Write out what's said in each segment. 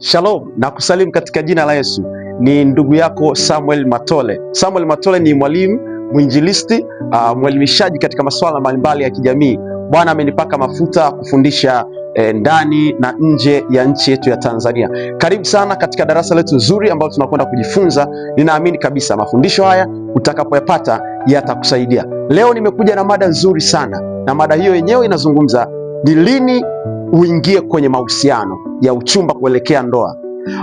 Shalom na kusalimu katika jina la Yesu. Ni ndugu yako Samuel Matole. Samuel Matole ni mwalimu mwinjilisti, uh, mwelimishaji katika masuala mbalimbali ya kijamii. Bwana amenipaka mafuta kufundisha eh, ndani na nje ya nchi yetu ya Tanzania. Karibu sana katika darasa letu zuri ambalo tunakwenda kujifunza. Ninaamini kabisa mafundisho haya utakapoyapata yatakusaidia. Leo nimekuja na mada nzuri sana, na mada hiyo yenyewe inazungumza ni lini uingie kwenye mahusiano ya uchumba kuelekea ndoa.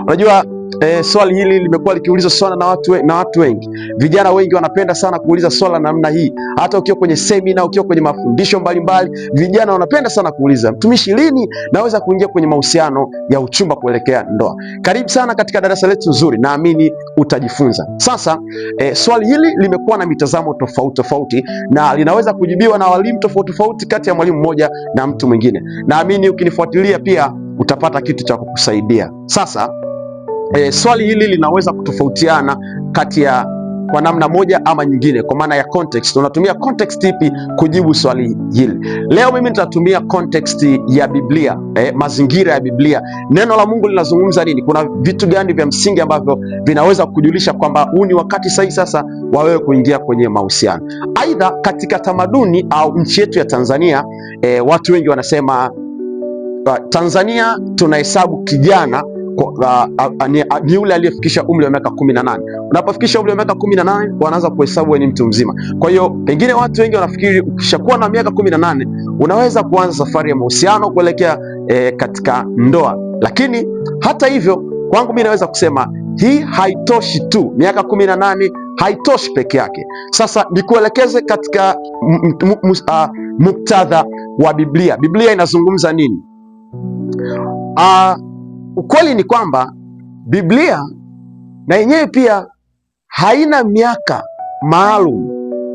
Unajua E, swali hili limekuwa likiulizwa sana na watu, na watu wengi. Vijana wengi wanapenda sana kuuliza swala la namna hii. Hata ukiwa kwenye semina, ukiwa kwenye mafundisho mbalimbali, vijana wanapenda sana kuuliza, mtumishi, lini naweza kuingia kwenye mahusiano ya uchumba kuelekea ndoa? Karibu sana katika darasa letu nzuri, naamini utajifunza. Sasa e, swali hili limekuwa na mitazamo tofauti tofauti na linaweza kujibiwa na walimu tofauti tofauti kati ya mwalimu mmoja na mtu mwingine. Naamini ukinifuatilia pia utapata kitu cha kukusaidia. Sasa E, swali hili linaweza kutofautiana kati ya kwa namna moja ama nyingine, kwa maana ya context. Unatumia context ipi kujibu swali hili? Leo mimi nitatumia context ya Biblia eh, mazingira ya Biblia, neno la Mungu linazungumza nini, kuna vitu gani vya msingi ambavyo vinaweza kujulisha kwamba huu ni wakati sahihi sasa wa wewe kuingia kwenye mahusiano. Aidha, katika tamaduni au nchi yetu ya Tanzania eh, watu wengi wanasema uh, Tanzania tunahesabu kijana ni yule aliyefikisha umri wa miaka 18 Unapofikisha umri wa miaka 18 wanaanza kuhesabu wewe ni mtu mzima. Kwa hiyo pengine watu wengi wanafikiri ukishakuwa na miaka 18 unaweza kuanza safari ya mahusiano kuelekea e, katika ndoa, lakini hata hivyo kwangu mimi naweza kusema hii haitoshi tu, miaka 18 haitoshi peke yake. Sasa nikuelekeze katika muktadha wa Biblia. Biblia inazungumza nini? Uh, Ukweli ni kwamba Biblia na yenyewe pia haina miaka maalum,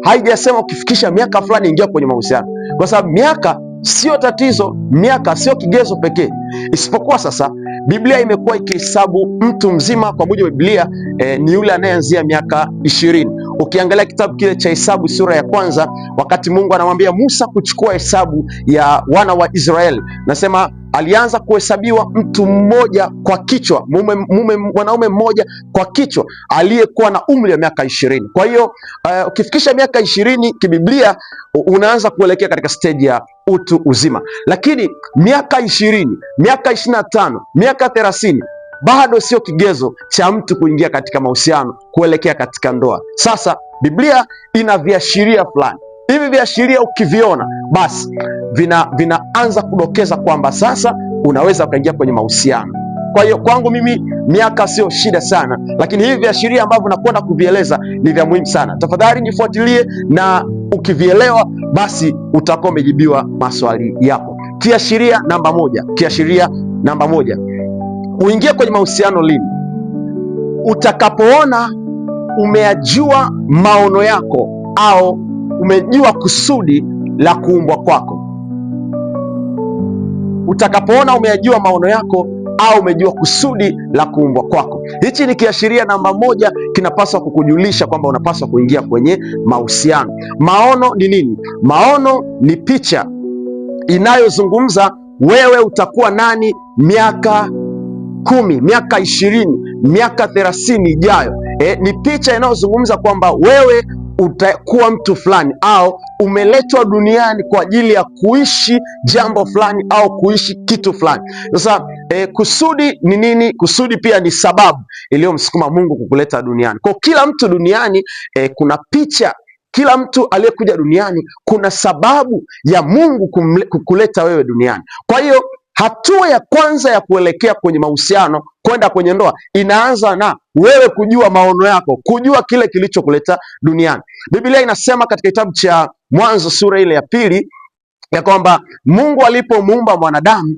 haijasema ukifikisha miaka fulani ingia kwenye mahusiano, kwa sababu miaka sio tatizo, miaka sio kigezo pekee. Isipokuwa sasa Biblia imekuwa ikihesabu mtu mzima kwa mujibu wa Biblia eh, ni yule anayeanzia miaka ishirini. Ukiangalia kitabu kile cha Hesabu sura ya kwanza, wakati Mungu anamwambia Musa kuchukua hesabu ya wana wa Israeli, nasema alianza kuhesabiwa mtu mmoja kwa kichwa mume, mume, mwanaume mmoja kwa kichwa aliyekuwa na umri wa miaka ishirini. Kwa hiyo eh, ukifikisha uh, miaka ishirini kibiblia unaanza kuelekea katika steji ya utu uzima, lakini miaka ishirini, miaka ishirini na tano, miaka thelathini bado sio kigezo cha mtu kuingia katika mahusiano kuelekea katika ndoa. Sasa Biblia ina viashiria fulani, hivi viashiria ukiviona basi vinaanza vina kudokeza kwamba sasa unaweza ukaingia kwenye mahusiano. Kwa hiyo kwangu mimi miaka sio shida sana, lakini hivi viashiria ambavyo nakwenda kuvieleza ni vya muhimu sana. Tafadhali nifuatilie, na ukivielewa basi utakuwa umejibiwa maswali yako. Kiashiria namba moja, kiashiria namba moja, uingie kwenye mahusiano lini? Utakapoona umeyajua maono yako au umejua kusudi la kuumbwa kwako utakapoona umeyajua maono yako au umejua kusudi la kuumbwa kwako. Hichi ni kiashiria namba moja, kinapaswa kukujulisha kwamba unapaswa kuingia kwenye mahusiano. Maono ni nini? Maono ni picha inayozungumza wewe utakuwa nani miaka kumi, miaka ishirini, miaka thelathini ijayo. E, ni picha inayozungumza kwamba wewe utakuwa mtu fulani au umeletwa duniani kwa ajili ya kuishi jambo fulani au kuishi kitu fulani. Sasa e, kusudi ni nini? Kusudi pia ni sababu iliyomsukuma Mungu kukuleta duniani. Kwa kila mtu duniani e, kuna picha kila mtu aliyekuja duniani kuna sababu ya Mungu kumle, kukuleta wewe duniani. Kwa hiyo Hatua ya kwanza ya kuelekea kwenye mahusiano kwenda kwenye ndoa inaanza na wewe kujua maono yako, kujua kile kilichokuleta duniani. Biblia inasema katika kitabu cha Mwanzo sura ile ya pili ya kwamba Mungu alipomuumba mwanadamu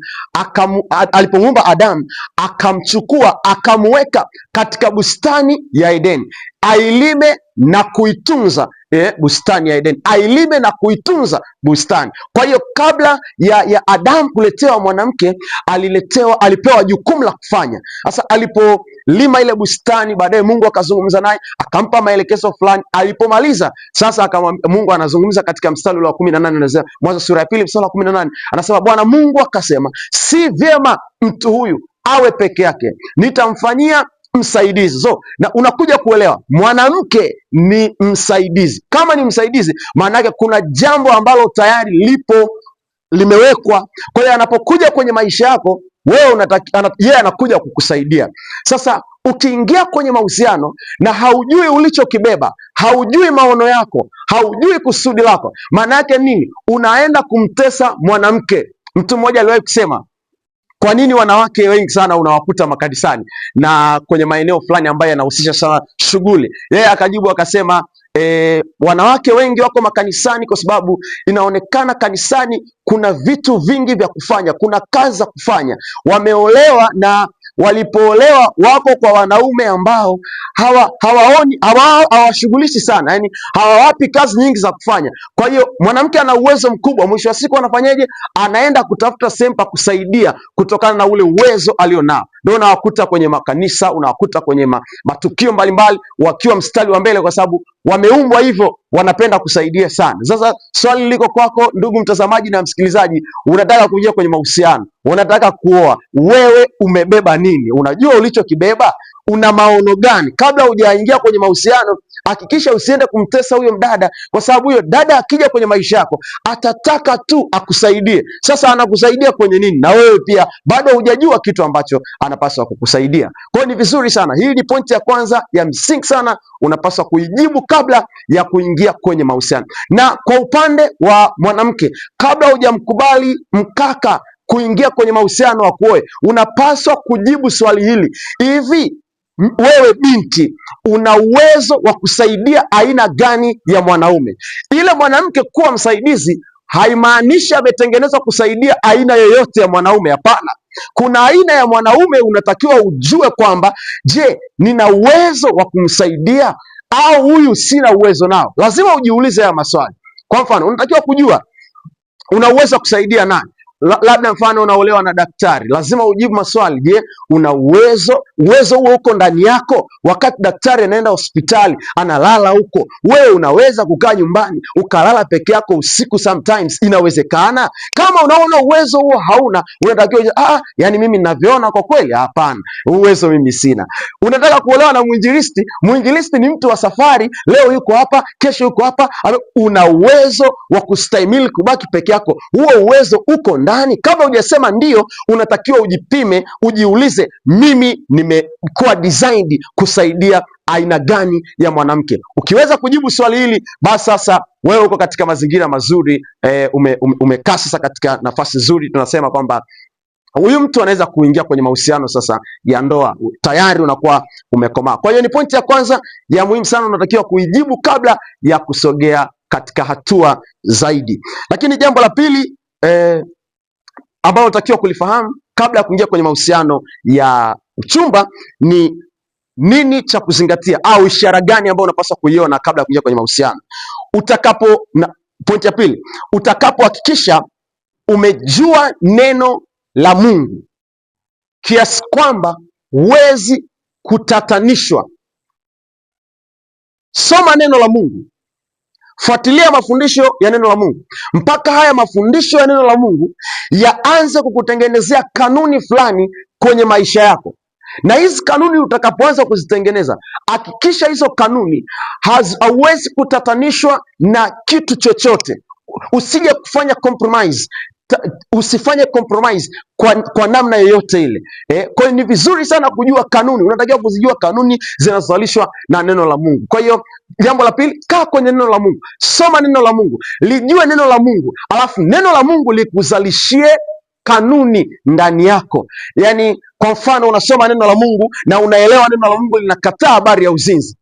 alipomuumba Adamu akamchukua akamweka katika bustani ya Edeni ailime na kuitunza eh, bustani ya Edeni, ailime na kuitunza bustani. Kwa hiyo kabla ya, ya Adamu kuletewa mwanamke, aliletewa alipewa jukumu la kufanya. Sasa alipolima ile bustani, baadaye Mungu akazungumza naye akampa maelekezo fulani. Alipomaliza sasa akam, Mungu anazungumza katika mstari wa kumi na anasema, Mwanzo sura ya pili mstari wa kumi na nane anasema, Bwana Mungu akasema, si vyema mtu huyu awe peke yake, nitamfanyia msaidizi. So na unakuja kuelewa mwanamke ni msaidizi. Kama ni msaidizi, maana yake kuna jambo ambalo tayari lipo limewekwa. Kwa hiyo anapokuja kwenye maisha yako wewe yeye anakuja kukusaidia. Sasa ukiingia kwenye mahusiano na haujui ulichokibeba, haujui maono yako, haujui kusudi lako, maana yake nini? Unaenda kumtesa mwanamke. Mtu mmoja aliwahi kusema kwa nini wanawake wengi sana unawakuta makanisani na kwenye maeneo fulani ambayo yanahusisha sana shughuli? Yeye akajibu akasema E, wanawake wengi wako makanisani kwa sababu inaonekana kanisani kuna vitu vingi vya kufanya, kuna kazi za kufanya. Wameolewa na walipoolewa wako kwa wanaume ambao hawa hawaoni hawashughulishi hawa sana, yani hawawapi kazi nyingi za kufanya. Kwa hiyo mwanamke ana uwezo mkubwa, mwisho wa siku anafanyaje? Anaenda kutafuta sehemu pa kusaidia kutokana na ule uwezo alionao. Ndio unawakuta kwenye makanisa, unawakuta kwenye matukio mbalimbali, wakiwa mstari wa mbele, kwa sababu wameumbwa hivyo, wanapenda kusaidia sana. Sasa swali liko kwako, ndugu mtazamaji na msikilizaji, unataka kuingia kwenye mahusiano, unataka kuoa, wewe umebeba nini? Unajua ulichokibeba una maono gani? Kabla hujaingia kwenye mahusiano, hakikisha usiende kumtesa huyo mdada, kwa sababu huyo dada akija kwenye maisha yako atataka tu akusaidie. Sasa anakusaidia kwenye nini? Na wewe pia bado hujajua kitu ambacho anapaswa kukusaidia. Kwa hiyo ni vizuri sana, hii ni pointi ya kwanza ya msingi sana, unapaswa kuijibu kabla ya kuingia kwenye mahusiano. Na kwa upande wa mwanamke, kabla hujamkubali mkaka kuingia kwenye mahusiano akuoe, unapaswa kujibu swali hili: hivi wewe binti una uwezo wa kusaidia aina gani ya mwanaume. Ile mwanamke kuwa msaidizi haimaanishi ametengenezwa kusaidia aina yoyote ya mwanaume. Hapana, kuna aina ya mwanaume unatakiwa ujue kwamba, je, nina uwezo wa kumsaidia au huyu sina uwezo nao? Lazima ujiulize haya maswali. Kwa mfano, unatakiwa kujua una uwezo wa kusaidia nani labda mfano unaolewa na daktari, lazima ujibu maswali. Je, una uwezo? Uwezo huo uko ndani yako? Wakati daktari anaenda hospitali analala huko, wewe unaweza kukaa nyumbani ukalala peke yako usiku? Sometimes inawezekana. Kama unaona uwezo huo hauna, unatakiwa ah, yani mimi ninavyoona kwa kweli, hapana, uwezo mimi sina. Unataka kuolewa na mwinjilisti? Mwinjilisti ni mtu wa safari, leo yuko hapa, kesho yuko hapa. Una uwezo wa kustahimili kubaki peke yako? Huo uwezo uko ndani ndani. Kabla hujasema ndio, unatakiwa ujipime, ujiulize, mimi nimekuwa designed kusaidia aina gani ya mwanamke? Ukiweza kujibu swali hili, basi sasa wewe uko katika mazingira mazuri e, ume, ume, umekaa sasa katika nafasi nzuri. Tunasema kwamba huyu mtu anaweza kuingia kwenye mahusiano sasa ya ndoa, tayari unakuwa umekomaa. Kwa hiyo ni pointi ya kwanza ya muhimu sana, unatakiwa kuijibu kabla ya kusogea katika hatua zaidi. Lakini jambo la pili eh, ambao unatakiwa kulifahamu kabla ya kuingia kwenye mahusiano ya uchumba ni nini cha kuzingatia, au ishara gani ambayo unapaswa kuiona kabla ya kuingia kwenye mahusiano utakapo na, pointi ya pili, utakapohakikisha umejua neno la Mungu kiasi kwamba huwezi kutatanishwa. Soma neno la Mungu Fuatilia mafundisho ya neno la Mungu mpaka haya mafundisho ya neno la Mungu yaanze kukutengenezea kanuni fulani kwenye maisha yako, na hizi kanuni utakapoanza kuzitengeneza, hakikisha hizo kanuni hauwezi kutatanishwa na kitu chochote. Usije kufanya compromise usifanye compromise kwa, kwa namna yoyote ile eh. Kwa hiyo ni vizuri sana kujua kanuni, unatakiwa kuzijua kanuni zinazozalishwa na neno la Mungu. Kwa hiyo jambo la pili, kaa kwenye neno la Mungu, soma neno la Mungu, lijue neno la Mungu, alafu neno la Mungu likuzalishie kanuni ndani yako. Yaani, kwa mfano unasoma neno la Mungu na unaelewa neno la Mungu linakataa habari ya uzinzi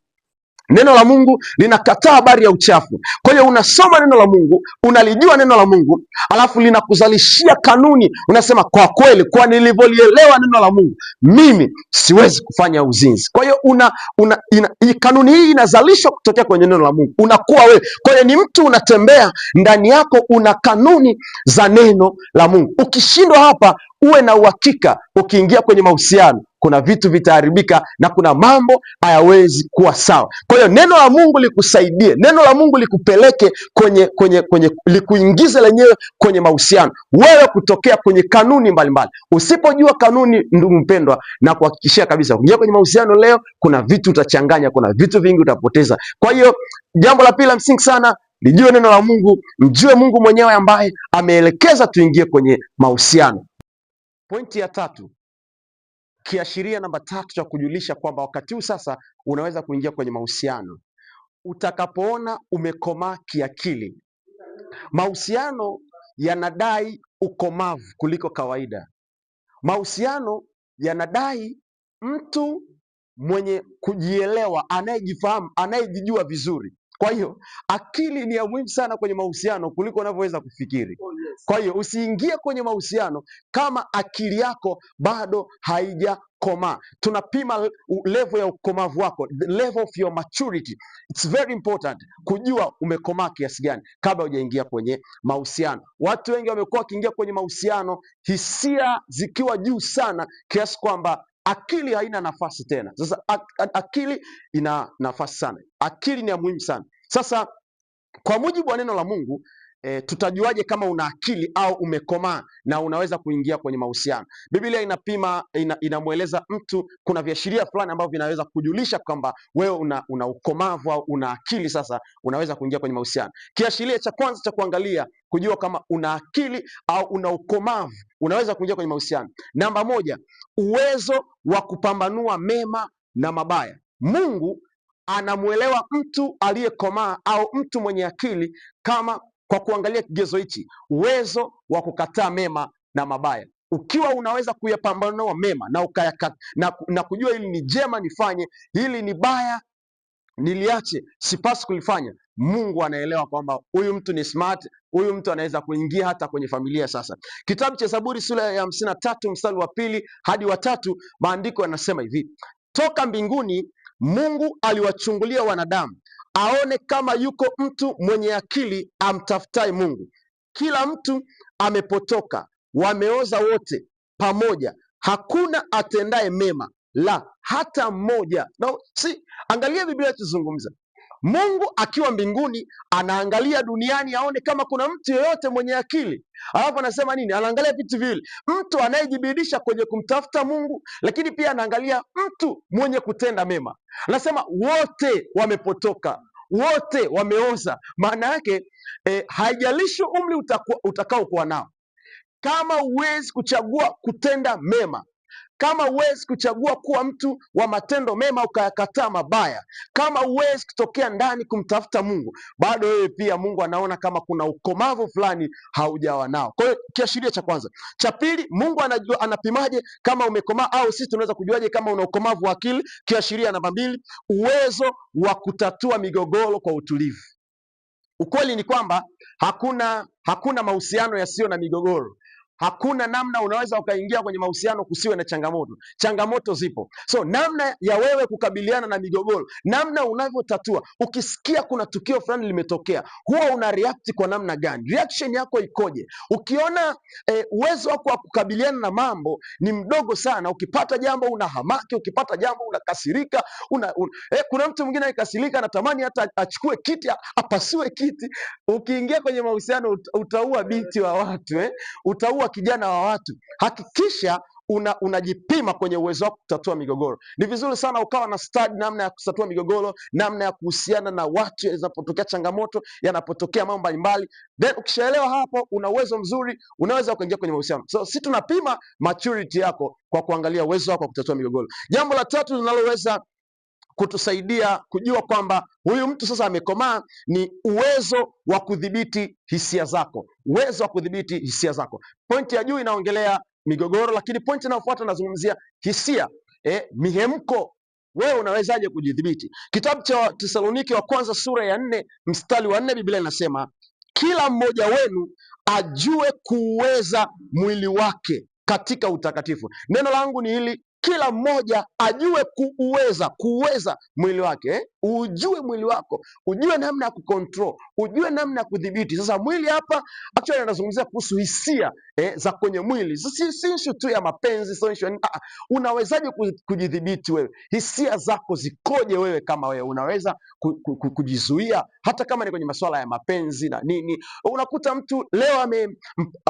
Neno la Mungu linakataa habari ya uchafu. Kwa hiyo unasoma neno la Mungu, unalijua neno la Mungu, alafu linakuzalishia kanuni. Unasema kwa kweli, kwa nilivyolielewa neno la Mungu, mimi siwezi kufanya uzinzi. Kwa hiyo una, una, ina, kanuni hii inazalishwa kutokea kwenye neno la Mungu, unakuwa wewe. Kwa hiyo ni mtu unatembea ndani yako, una kanuni za neno la Mungu. Ukishindwa hapa Uwe na uhakika ukiingia kwenye mahusiano, kuna vitu vitaharibika na kuna mambo hayawezi kuwa sawa. Kwa hiyo neno la Mungu likusaidie, neno la Mungu likupeleke kwenye, kwenye, kwenye likuingize lenyewe kwenye mahusiano, wewe kutokea kwenye kanuni mbalimbali. Usipojua kanuni, ndugu mpendwa, na kuhakikishia kabisa, uingia kwenye mahusiano leo, kuna vitu utachanganya, kuna vitu vingi utapoteza. Kwa hiyo jambo la pili la msingi sana lijue neno la Mungu, mjue Mungu mwenyewe ambaye ameelekeza tuingie kwenye mahusiano. Pointi ya tatu, kiashiria namba tatu cha kujulisha kwamba wakati huu sasa unaweza kuingia kwenye mahusiano, utakapoona umekomaa kiakili. Mahusiano yanadai ukomavu kuliko kawaida. Mahusiano yanadai mtu mwenye kujielewa, anayejifahamu, anayejijua vizuri. Kwa hiyo akili ni ya muhimu sana kwenye mahusiano kuliko unavyoweza kufikiri. Oh, Kwa hiyo usiingie kwenye mahusiano kama akili yako bado haijakomaa. Tunapima level ya ukomavu wako, the level of your maturity. It's very important kujua umekomaa kiasi gani kabla hujaingia kwenye mahusiano. Watu wengi wamekuwa wakiingia kwenye mahusiano hisia zikiwa juu sana kiasi kwamba akili haina nafasi tena. Sasa akili ina nafasi sana, akili ni ya muhimu sana. Sasa kwa mujibu wa neno la Mungu e, tutajuaje kama una akili au umekomaa na unaweza kuingia kwenye mahusiano? Biblia inapima ina, inamweleza mtu, kuna viashiria fulani ambavyo vinaweza kujulisha kwamba wewe una, una ukomavu au una akili, sasa unaweza kuingia kwenye mahusiano. Kiashiria cha kwanza cha kuangalia kujua kama una akili au una ukomavu unaweza kuingia kwenye mahusiano, namba moja, uwezo wa kupambanua mema na mabaya. Mungu anamwelewa mtu aliyekomaa au mtu mwenye akili kama kwa kuangalia kigezo hichi, uwezo wa kukataa mema na mabaya. Ukiwa unaweza kuyapambanua mema na, ukayaka, na, na kujua hili ni jema nifanye, hili ni baya niliache, sipasi kulifanya. Mungu anaelewa kwamba huyu mtu ni smart, huyu mtu anaweza kuingia hata kwenye familia. Sasa kitabu cha Zaburi sura ya hamsini na tatu mstari wa pili hadi wa tatu maandiko yanasema hivi: toka mbinguni Mungu aliwachungulia wanadamu aone kama yuko mtu mwenye akili amtafutaye Mungu. Kila mtu amepotoka, wameoza wote pamoja, hakuna atendaye mema, la hata mmoja. Na si angalia Biblia inachozungumza, Mungu akiwa mbinguni anaangalia duniani aone kama kuna mtu yeyote mwenye akili. Alafu anasema nini? Anaangalia vitu viwili, mtu anayejibidisha kwenye kumtafuta Mungu, lakini pia anaangalia mtu mwenye kutenda mema. Anasema wote wamepotoka, wote wameoza. Maana yake eh, haijalishi umri utakaokuwa nao, kama huwezi kuchagua kutenda mema, kama huwezi kuchagua kuwa mtu wa matendo mema ukayakataa mabaya, kama huwezi kutokea ndani kumtafuta Mungu, bado wewe pia Mungu anaona kama kuna ukomavu fulani haujawa nao. Kwa hiyo kiashiria cha kwanza. Cha pili, Mungu anajua, anapimaje kama umekomaa au sisi tunaweza kujuaje kama una ukomavu wa akili? Kiashiria namba mbili, uwezo wa kutatua migogoro kwa utulivu. Ukweli ni kwamba hakuna hakuna mahusiano yasiyo na migogoro. Hakuna namna unaweza ukaingia kwenye mahusiano kusiwe na changamoto. Changamoto zipo, so namna ya wewe kukabiliana na migogoro, namna unavyotatua. Ukisikia kuna tukio fulani limetokea, huwa una react kwa namna gani? Reaction yako ikoje? Ukiona eh, uwezo wako wa kukabiliana na mambo ni mdogo sana, ukipata jambo hamaki, ukipata jambo unakasirika, una, un... eh, kuna mtu mwingine akikasirika anatamani hata achukue kiti apasue kiti. Ukiingia kwenye mahusiano utaua binti wa watu eh? utaua kijana wa watu, hakikisha una, unajipima kwenye uwezo wako kutatua migogoro. Ni vizuri sana ukawa na stadi namna ya kutatua migogoro, namna ya kuhusiana na watu yanapotokea changamoto, yanapotokea mambo mbalimbali. Then ukishaelewa hapo, una uwezo mzuri, unaweza kuingia kwenye mahusiano. So si tunapima maturity yako kwa kuangalia uwezo wako wa kutatua migogoro. Jambo la tatu linaloweza kutusaidia kujua kwamba huyu mtu sasa amekomaa ni uwezo wa kudhibiti hisia zako, uwezo wa kudhibiti hisia zako. Pointi ya juu inaongelea migogoro, lakini pointi inayofuata inazungumzia hisia eh, mihemko wewe unawezaje kujidhibiti? Kitabu cha tesaloniki wa kwanza sura ya nne mstari wa nne Biblia inasema kila mmoja wenu ajue kuuweza mwili wake katika utakatifu. Neno langu ni hili, kila mmoja ajue kuuweza kuuweza mwili wake eh? Ujue mwili wako, ujue namna ya kucontrol, ujue namna ya kudhibiti. Sasa mwili hapa actually anazungumzia kuhusu hisia eh, za kwenye mwili. Sasa si issue tu ya mapenzi, sio issue ah, ah, unawezaje kujidhibiti wewe? Hisia zako zikoje wewe? Kama wewe unaweza kujizuia hata kama ni kwenye masuala ya mapenzi na nini. Unakuta mtu leo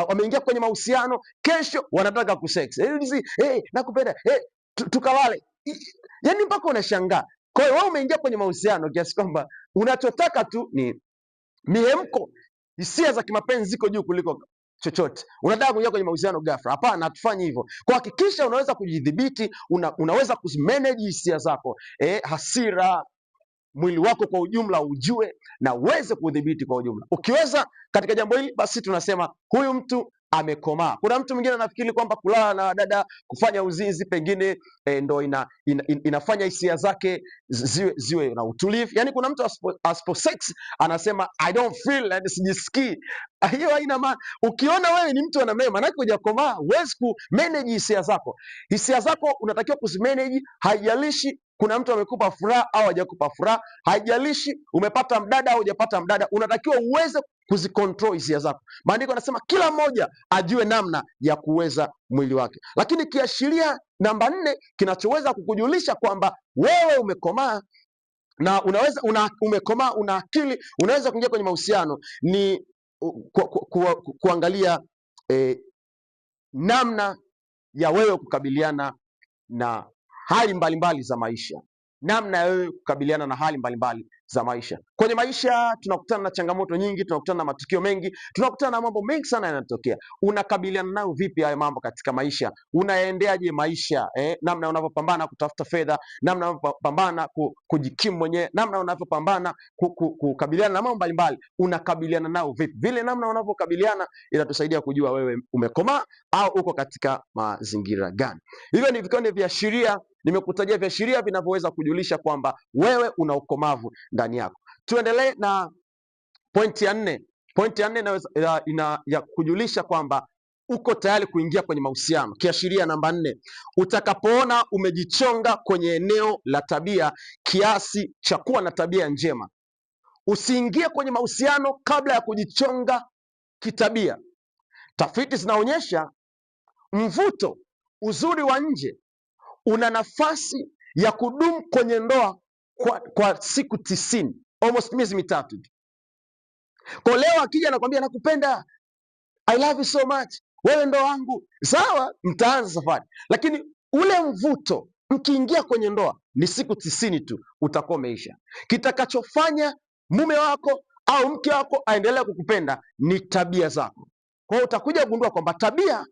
ameingia kwenye mahusiano, kesho wanataka kusex, hey, eh, nakupenda hey, eh, tukawale. Yani mpaka unashangaa. Kwa hiyo wewe umeingia kwenye mahusiano kiasi kwamba unachotaka tu ni mihemko, hisia za kimapenzi ziko juu kuliko chochote. Unataka kuingia kwenye mahusiano ghafla? Hapana, hatufanyi hivyo. Kwa hakikisha unaweza kujidhibiti, una, unaweza kumanage hisia zako, e, hasira mwili wako kwa ujumla ujue na uweze kudhibiti kwa ujumla. Ukiweza katika jambo hili, basi tunasema huyu mtu amekomaa. Kuna mtu mwingine anafikiri kwamba kulala na dada, kufanya uzinzi pengine e, ndo ina, ina, ina, inafanya hisia zake ziwe, ziwe na utulivu. Yani kuna mtu aspo, aspo sex anasema I don't feel and sijisikii. Ah, hiyo haina maana. Ukiona wewe ni mtu wa namna hiyo, maanake hujakomaa, huwezi ku manage hisia zako. Hisia zako unatakiwa kuzimanage, haijalishi kuna mtu amekupa furaha au hajakupa furaha, haijalishi umepata mdada au hujapata mdada, unatakiwa uweze kuzikontrol hisia zako. Maandiko anasema kila mmoja ajue namna ya kuweza mwili wake. Lakini kiashiria namba nne kinachoweza kukujulisha kwamba wewe umekomaa na unaweza una, umekomaa una akili unaweza kuingia kwenye mahusiano ni ku, ku, ku, ku, kuangalia eh, namna ya wewe kukabiliana na hali mbalimbali za maisha, namna ya wewe kukabiliana na hali mbalimbali mbali za maisha. Kwenye maisha tunakutana na changamoto nyingi, tunakutana na matukio mengi, tunakutana na mambo mengi sana yanatokea. Unakabiliana nayo vipi hayo mambo katika maisha? unaendeaje maisha eh? Namna unavyopambana kutafuta fedha, namna unavyopambana kujikimu mwenyewe, namna unavyopambana kukabiliana na mambo mbalimbali, unakabiliana nayo vipi? Vile namna unavyokabiliana inatusaidia kujua wewe umekomaa au uko katika mazingira gani. Hivyo ni vikonde viashiria nimekutajia viashiria vinavyoweza kujulisha kwamba wewe una ukomavu ndani yako. Tuendelee na pointi ya nne. Pointi ya nne inaweza, ina, ya kujulisha kwamba uko tayari kuingia kwenye mahusiano. Kiashiria namba nne, utakapoona umejichonga kwenye eneo la tabia kiasi cha kuwa na tabia njema. Usiingie kwenye mahusiano kabla ya kujichonga kitabia. Tafiti zinaonyesha mvuto, uzuri wa nje una nafasi ya kudumu kwenye ndoa kwa, kwa siku tisini, almost miezi mitatu hivi. Kwa leo akija anakwambia nakupenda, I love you so much, wewe ndo wangu, sawa, mtaanza safari, lakini ule mvuto mkiingia kwenye ndoa ni siku tisini tu, utakuwa umeisha. Kitakachofanya mume wako au mke wako aendelea kukupenda ni tabia zako. kwao utakuja kugundua kwamba tabia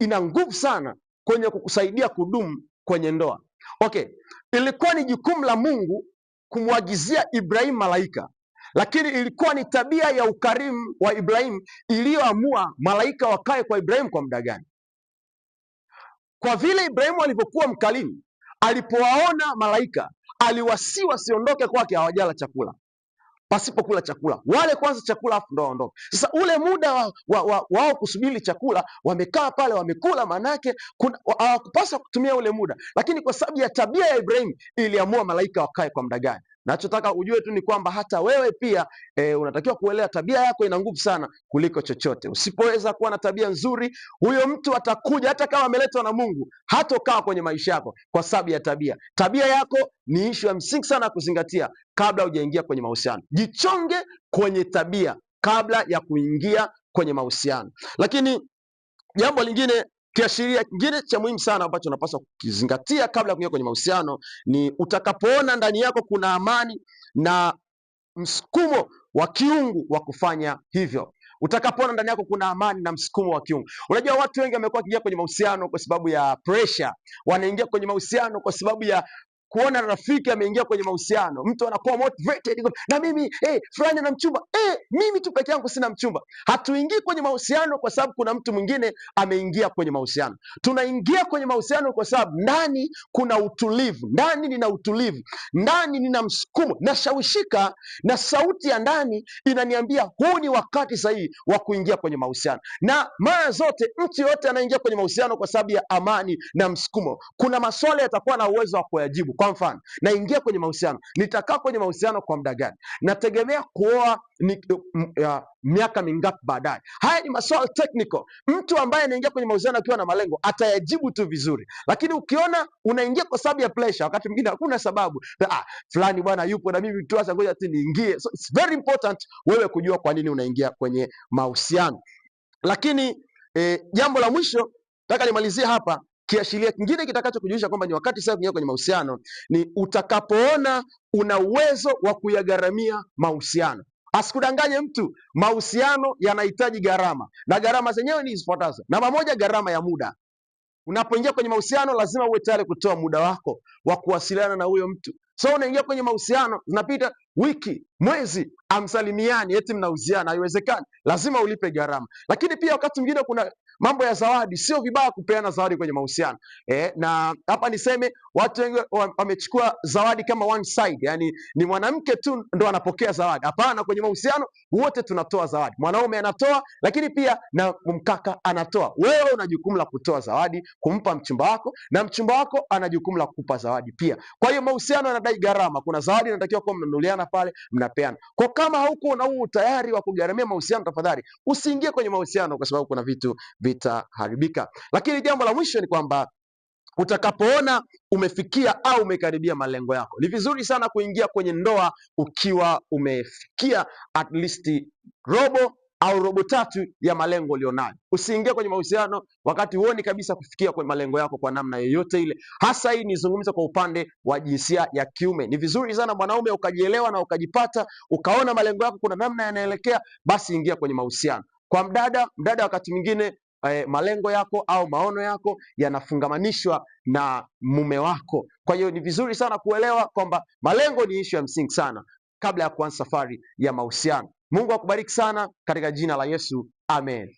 ina nguvu sana kwenye kukusaidia kudumu kwenye ndoa. Okay, ilikuwa ni jukumu la Mungu kumwagizia Ibrahimu malaika, lakini ilikuwa ni tabia ya ukarimu wa Ibrahimu iliyoamua malaika wakae kwa Ibrahimu kwa muda gani. Kwa vile Ibrahimu alivyokuwa mkarimu, alipowaona malaika aliwasihi wasiondoke kwake hawajala chakula pasipokula chakula, wale kwanza chakula afu ndo waondoke. Sasa ule muda wao wa, wa, wa kusubiri chakula, wamekaa pale wamekula, maanake hawakupaswa kutumia ule muda, lakini kwa sababu ya tabia ya Ibrahimu iliamua malaika wakae kwa muda gani. Nachotaka ujue tu ni kwamba hata wewe pia e, unatakiwa kuelewa tabia yako ina nguvu sana kuliko chochote. Usipoweza kuwa na tabia nzuri, huyo mtu atakuja hata kama ameletwa na Mungu, hatokaa kwenye maisha yako kwa sababu ya tabia. Tabia yako ni ishu ya msingi sana ya kuzingatia kabla hujaingia kwenye mahusiano. Jichonge kwenye tabia kabla ya kuingia kwenye mahusiano. Lakini jambo lingine Kiashiria kingine cha muhimu sana ambacho unapaswa kukizingatia kabla ya kuingia kwenye mahusiano ni utakapoona ndani yako kuna amani na msukumo wa kiungu wa kufanya hivyo. Utakapoona ndani yako kuna amani na msukumo wa kiungu. Unajua, watu wengi wamekuwa wakiingia kwenye mahusiano kwa sababu ya pressure, wanaingia kwenye mahusiano kwa sababu ya kuona rafiki ameingia kwenye mahusiano, mtu anakuwa motivated na mimi eh, fulani ana mchumba eh, mimi tu peke yangu sina mchumba. Hatuingii kwenye mahusiano kwa sababu kuna mtu mwingine ameingia kwenye mahusiano. Tunaingia kwenye mahusiano kwa sababu ndani kuna utulivu, ndani nina utulivu, ndani nina msukumo, nashawishika na sauti ya ndani inaniambia huu ni wakati sahihi wa kuingia kwenye mahusiano. Na mara zote mtu yoyote anaingia kwenye mahusiano kwa sababu ya amani na msukumo, kuna maswali yatakuwa na uwezo wa kuyajibu. Kwa mfano, naingia kwenye mahusiano, nitakaa kwenye mahusiano kwa muda gani? Nategemea kuoa ni ya miaka mingapi baadaye. Haya ni maswala technical. Mtu ambaye anaingia kwenye mahusiano akiwa na malengo atayajibu tu vizuri, lakini ukiona unaingia kwa sababu ya pressure, wakati mwingine hakuna sababu ah, fulani bwana yupo na mimi tu, acha ngoja tu niingie. So it's very important wewe kujua kwa nini unaingia kwenye mahusiano. Lakini eh, jambo la mwisho nataka nimalizie hapa Kiashiria kingine kitakachokujulisha kwamba ni wakati sasa kuingia kwenye mahusiano ni utakapoona una uwezo wa kuyagharamia mahusiano. Asikudanganye mtu, mahusiano yanahitaji gharama, na gharama zenyewe ni zifuatazo. Namba moja, gharama ya muda. Unapoingia kwenye mahusiano, lazima uwe tayari kutoa muda wako wa kuwasiliana na huyo mtu. So unaingia kwenye mahusiano, zinapita wiki, mwezi, amsalimiani, eti mnahusiana haiwezekani. Lazima ulipe gharama. Lakini pia wakati mwingine kuna Mambo ya zawadi, sio vibaya kupeana zawadi kwenye mahusiano eh, na hapa niseme watu wengi wamechukua zawadi kama one side, yani ni mwanamke tu ndo anapokea zawadi. Hapana, kwenye mahusiano wote tunatoa zawadi. Mwanaume anatoa, lakini pia na mkaka anatoa. Wewe una jukumu la kutoa zawadi, kumpa mchumba wako, na mchumba wako ana jukumu la kukupa zawadi pia. Kwa hiyo mahusiano yanadai gharama, kuna zawadi inatakiwa kuwa mnanuliana pale, mnapeana. Kwa kama hauko na huu utayari wa kugharamia mahusiano, tafadhali usiingie kwenye mahusiano, kwa sababu kuna vitu vitaharibika. Lakini jambo la mwisho ni kwamba utakapoona umefikia au umekaribia malengo yako, ni vizuri sana kuingia kwenye ndoa ukiwa umefikia at least robo au robo tatu ya malengo ulionayo. Usiingie kwenye mahusiano wakati huoni kabisa kufikia kwenye malengo yako kwa namna yoyote ile. Hasa hii nizungumza kwa upande wa jinsia ya kiume. Ni vizuri sana mwanaume ukajielewa na ukajipata, ukaona malengo yako kuna namna yanaelekea, basi ingia kwenye mahusiano. Kwa mdada, mdada wakati mwingine eh, malengo yako au maono yako yanafungamanishwa na mume wako. Kwa hiyo ni vizuri sana kuelewa kwamba malengo ni ishu ya msingi sana kabla ya kuanza safari ya mahusiano. Mungu akubariki sana katika jina la Yesu, amen.